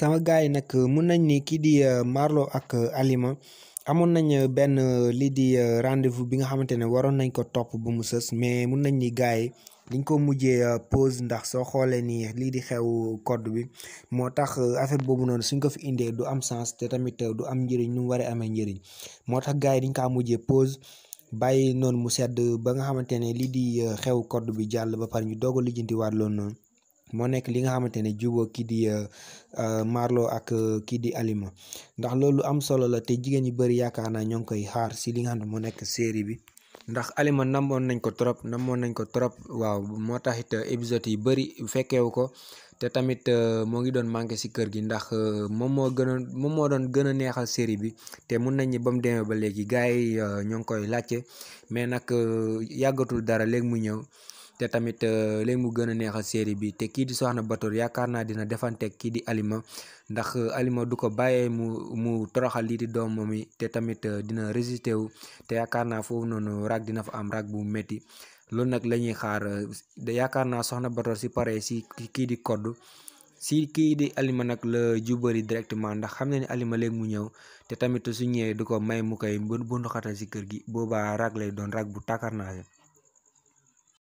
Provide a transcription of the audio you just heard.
sama gars yi nag euh, mun nañ ni kii di euh, Marlo ak euh, aliment amoon nañ benn lii di rendez-vous bi nga xamante ne waroon nañ ko topp ba mu sës mais mun nañ ni gars yi liñ ko mujjee pose ndax soo xoolee nii lii di xew code bi moo tax affaire boobu noonu suñ ko fi indee du am sens te tamit du am njëriñ nu mu waree amee njëriñ moo tax gars yi dañ kaa mujjee pause bàyyi noonu mu sedd ba nga xamante ne lii di xew code bi jàll ba pare ñu doog a lijjantiwaat loolu noonu. moo nekk li nga xamante ne jubóo kii di euh, euh, Marlo ak euh, kii di aliment ndax loolu am solo la te jigéen yu bëri yaakaar naa ñoo ngi koy xaar si li nga xam moo nekk séeri bi ndax Alima namoon nañ ko trop namoon nañ ko trop waaw moo tax it yi bëri fekkeewu ko te tamit moo ngi doon manqué si kër gi ndax moom moo gënoon moom moo doon gën a neexal séeri bi te mun nañ ni ba mu demee ba léegi gars yi ñoo ngi koy laajte mais nag yàggatul dara léegi mu ñëw te tamit euh, léegi mu gën a neexal série bi te kii di Soxna Batoor yaakaar naa dina defanteeg kii di Alima ndax euh, Alima du ko bàyyee mu mu toroxal lii doom doomam yi te tamit euh, dina résister wu te yaakaar naa foofu noonu rag dina fa am rag bu métti loolu nag la ñuy xaar yaakaar naa Soxna Batoor si pare si kii di kodd si kii di Alima nag la jubali directement ndax xam na ni Alima léegi mu ñëw te tamit su ñëwee du ko may mu koy bu bunduxatal si kër gi boobaa rag lay doon rag bu takkarnaaje